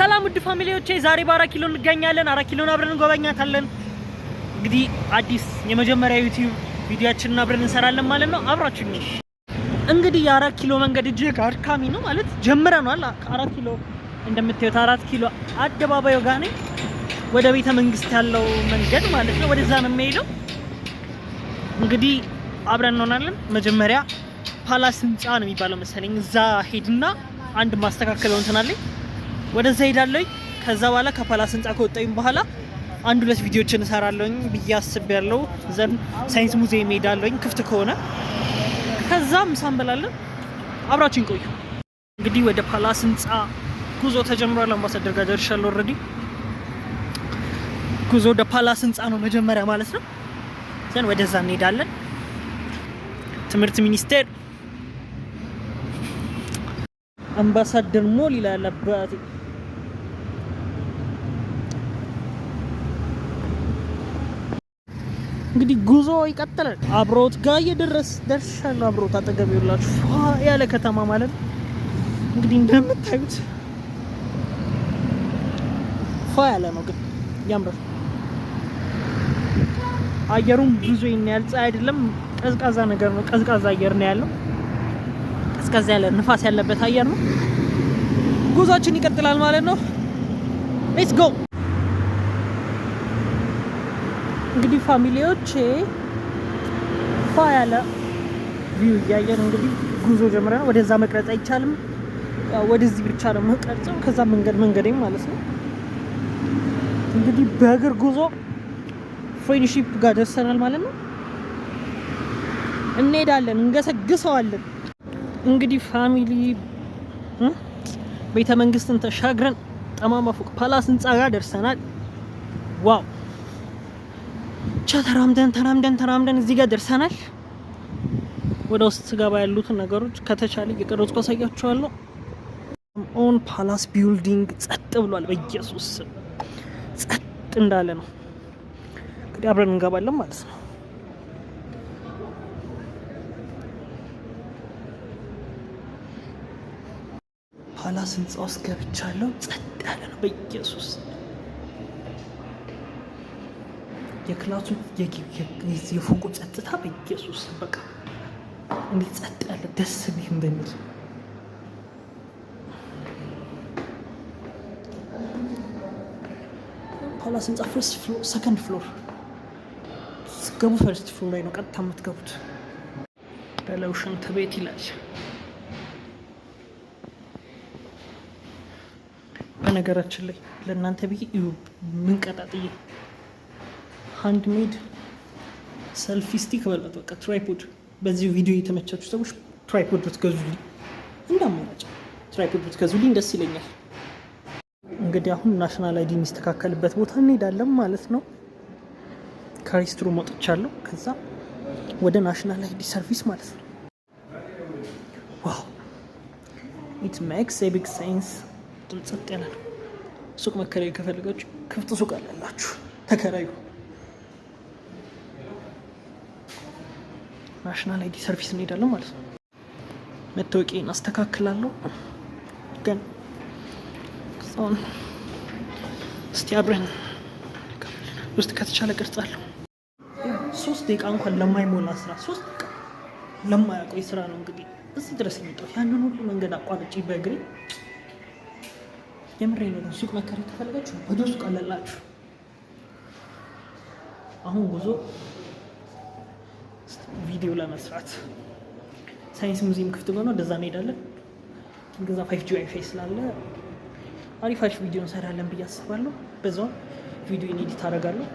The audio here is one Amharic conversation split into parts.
ሰላም ውድ ፋሚሊዎቼ ዛሬ በአራት ኪሎ እንገኛለን። አራት ኪሎን አብረን እንጎበኛታለን። እንግዲህ አዲስ የመጀመሪያ ዩቲዩብ ቪዲዮአችንን አብረን እንሰራለን ማለት ነው። አብራችሁኝ። እንግዲህ የአራት ኪሎ መንገድ እጅግ አድካሚ ነው ማለት ጀምረናል። አራት ኪሎ እንደምታዩት አራት ኪሎ አደባባዩ ጋር ነኝ። ወደ ቤተ መንግስት ያለው መንገድ ማለት ነው። ወደዛ ነው የሚሄደው። እንግዲህ አብረን እንሆናለን። መጀመሪያ ፓላስ ህንፃ ነው የሚባለው መሰለኝ። እዛ ሄድና አንድ ማስተካከለው እንትን አለኝ ወደዛ ሄዳለኝ። ከዛ በኋላ ከፓላስ ህንፃ ከወጣኝ በኋላ አንድ ሁለት ቪዲዮችን እሰራለኝ ብዬ ያለው ዘን ሳይንስ ሙዚየም ሄዳለኝ ክፍት ከሆነ። ከዛ ምሳ እንበላለን። አብራችን ቆዩ። እንግዲህ ወደ ፓላስ ህንፃ ጉዞ ተጀምሯል። አምባሳደር ጋር ደርሻለሁ። ኦልሬዲ ጉዞ ወደ ፓላስ ህንፃ ነው መጀመሪያ ማለት ነው። ዘን ወደዛ እንሄዳለን። ትምህርት ሚኒስቴር አምባሳደር ሞል ይላል አባቴ እንግዲህ ጉዞ ይቀጥላል። አብሮት ጋር እየደረስ ደርሻለሁ። አብሮት አጠገብ ይውላችሁ ያለ ከተማ ማለት ነው። እንግዲህ እንደምታዩት ፏ ያለ ነው፣ ግን ያምራል። አየሩም ብዙ ይሄን ያህል ፀሐይ አይደለም፣ ቀዝቃዛ ነገር ነው። ቀዝቃዛ አየር ነው ያለው፣ ቀዝቃዛ ያለ ንፋስ ያለበት አየር ነው። ጉዟችን ይቀጥላል ማለት ነው። ሌትስ ጎ እንግዲህ ፋሚሊዎቼ ፋ ያለ ቪው እያየን እንግዲህ ጉዞ ጀምረን ወደዛ መቅረጽ አይቻልም። ወደዚህ ብቻ ነው የምቀርጸው። ከዛ መንገድ መንገዴም ማለት ነው እንግዲህ በእግር ጉዞ ፍሬንድሺፕ ጋር ደርሰናል ማለት ነው። እንሄዳለን፣ እንገሰግሰዋለን። እንግዲህ ፋሚሊ ቤተ መንግስትን ተሻግረን ጠማማ ፎቅ ፓላስ ህንፃ ጋር ደርሰናል። ዋው ብቻ ተራምደን ተራምደን ተራምደን እዚህ ጋር ደርሰናል። ወደ ውስጥ ስገባ ያሉትን ነገሮች ከተቻለ እየቀረጽኩ አሳያችኋለሁ። ኦን ፓላስ ቢልዲንግ ጸጥ ብሏል። በኢየሱስ ጸጥ እንዳለ ነው። እንግዲህ አብረን እንገባለን ማለት ነው። ፓላስ ህንፃ ውስጥ ገብቻለሁ። ጸጥ ያለ ነው። በኢየሱስ የክላሱን የፎቁ ጸጥታ በኢየሱስ በቃ እንዴት ጸጥ ያለ ደስ ቢህም በሚል ኋላ ህንፃ ፈርስት ሰከንድ ፍሎር ስገቡ ፈርስት ፍሎር ላይ ነው ቀጥታ የምትገቡት። በለው ሽንት ቤት ይላል። በነገራችን ላይ ለእናንተ ብዬ ምንቀጣጥዬ ሃንድሜድ ሰልፊ ስቲክ በላት በቃ ትራይፖድ። በዚህ ቪዲዮ የተመቻችሁ ሰዎች ትራይፖድ ብትገዙልኝ እንደ አማራጭ ትራይፖድ ብትገዙልኝ ደስ ይለኛል። እንግዲህ አሁን ናሽናል አይዲ የሚስተካከልበት ቦታ እንሄዳለን ማለት ነው። ከሬስትሮ አለው ከዛ ወደ ናሽናል አይዲ ሰርቪስ ማለት ነው። ዋው ኢት ሜክስ ቢግ ሳይንስ። ድምፅ ጤና ነው። ሱቅ መከራየት ከፈልጋችሁ ክፍት ሱቅ አላላችሁ፣ ተከራዩ። ናሽናል አይዲ ሰርቪስ እንሄዳለን ማለት ነው። መታወቂያን አስተካክላለሁ። ግን ሰውን እስቲ አብረን ውስጥ ከተቻለ ቅርጽ አለው። ሶስት ደቂቃ እንኳን ለማይሞላ ስራ ሶስት ደቂቃ ለማያቆይ ስራ ነው እንግዲህ እዚህ ድረስ የመጣው ያንን ሁሉ መንገድ አቋርጬ በእግሬ የምሬ ነው። ሱቅ መከራ የተፈለጋችሁ ወደ ቀለላችሁ። አሁን ጉዞ ቪዲዮ ለመስራት ሳይንስ ሙዚየም ክፍት ሆነ ወደዛ እንሄዳለን። ገዛ ፋይቭ ጂ ዋይፋይ ስላለ አሪፍ አሪፍ ቪዲዮ እንሰራለን ብዬ አስባለሁ። በዛውም ቪዲዮ ኢዲት አደርጋለሁ።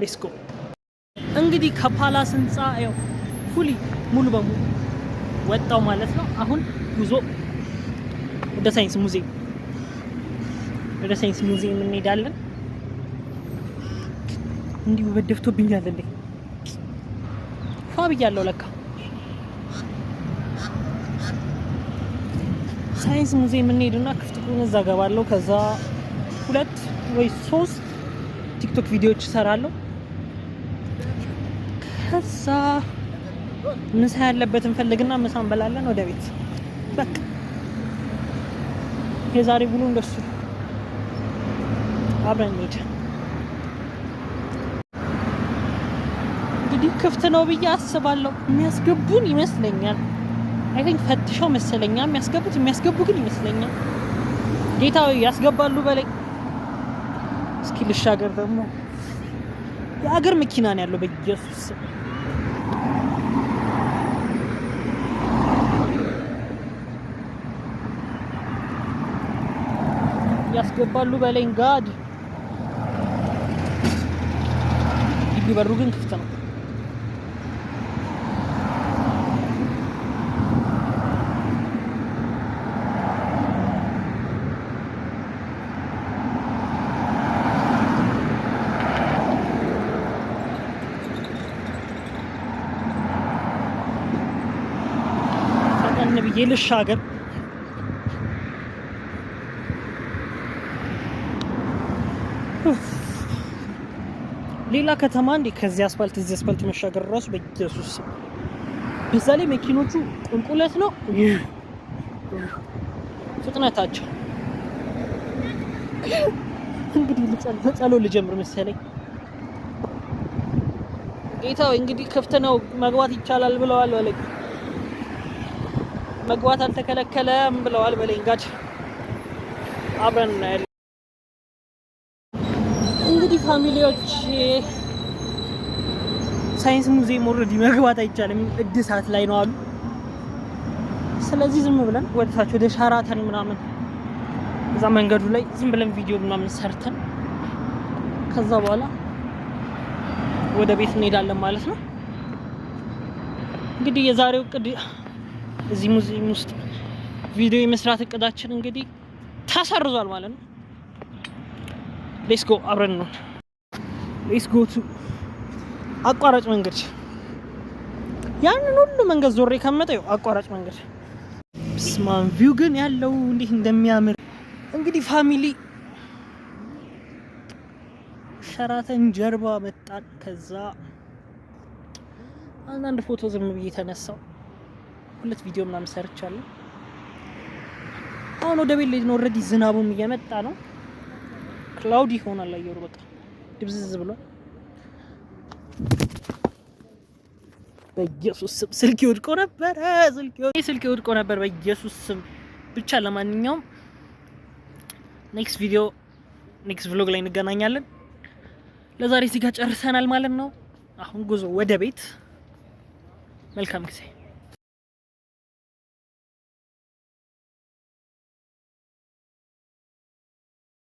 ሌትስ ጎ። እንግዲህ ከፓላስ ህንፃ ያው ፉሊ ሙሉ በሙሉ ወጣው ማለት ነው። አሁን ጉዞ ወደ ሳይንስ ሙዚየም ወደ ሳይንስ ሙዚየም እንሄዳለን። እንዲሁ በደፍቶብኛል እንዴ ብያለሁ። ለካ ሳይንስ ሙዚየም እንሄድና ክፍት ከሆነ እዛ ገባለሁ። ከዛ ሁለት ወይ ሶስት ቲክቶክ ቪዲዮዎች እሰራለሁ። ከዛ ምሳ ያለበት እንፈልግና ምሳ እንበላለን፣ ወደ ቤት በቃ። የዛሬ ብሎ እንደሱ አብረን እንሄድ እንግዲህ ክፍት ነው ብዬ አስባለሁ። የሚያስገቡን ይመስለኛል። አይን ፈትሸው መሰለኛ የሚያስገቡት የሚያስገቡ ግን ይመስለኛል። ጌታ ያስገባሉ በላይ እስኪ ልሻገር። ደግሞ የአገር መኪና ነው ያለው በኢየሱስ ያስገባሉ በላይ ጋድ ግቢ በሩ ግን ክፍት ነው። ብዬ ልሻገር። ሌላ ከተማ እንዴ ከዚህ አስፋልት እዚህ አስፋልት መሻገር ራሱ በኢየሱስ በዛ ላይ መኪኖቹ ቁልቁለት ነው ፍጥነታቸው። እንግዲህ ጸሎት ልጀምር መሰለኝ። ጌታ እንግዲህ ክፍት ነው መግባት ይቻላል ብለዋል። መግባት አልተከለከለም ብለዋል። በሌንጋድ አብረን እናያለን። እንግዲህ ፋሚሊዎች ሳይንስ ሙዚየም ኦልሬዲ መግባት አይቻልም፣ እድሳት ላይ ነው አሉ። ስለዚህ ዝም ብለን ወደታች ወደ ሻራተን ምናምን እዛ መንገዱ ላይ ዝም ብለን ቪዲዮ ምናምን ሰርተን ከዛ በኋላ ወደ ቤት እንሄዳለን ማለት ነው። እንግዲህ የዛሬው ቅድ እዚህ ሙዚየም ውስጥ ቪዲዮ የመስራት እቅዳችን እንግዲህ ተሰርዟል ማለት ነው። ሌስ ጎ አብረን ነው። ሌስ ጎ ቱ አቋራጭ መንገድ። ያንን ሁሉ መንገድ ዞሬ ከመጠ አቋራጭ መንገድ ስማን ቪው ግን ያለው እንዴት እንደሚያምር እንግዲህ ፋሚሊ ሸራተን ጀርባ መጣን። ከዛ አንዳንድ ፎቶ ዝም ብዬ ተነሳው። ሁለት ቪዲዮ ምናምን ሰርቻለሁ። አሁን ወደ ቤት ልሄድ ነው። ኦልሬዲ ዝናቡም እየመጣ ነው። ክላውድ ይሆናል አየሩ በቃ ድብዝዝ ብሏል። በኢየሱስ ስም ስልክ ወድቆ ነበረ። ስልክ ወድቆ ነበር። በኢየሱስ ስም ብቻ ለማንኛውም ኔክስት ቪዲዮ ኔክስት ቪሎግ ላይ እንገናኛለን። ለዛሬ እዚህ ጋር ጨርሰናል ማለት ነው። አሁን ጉዞ ወደ ቤት። መልካም ጊዜ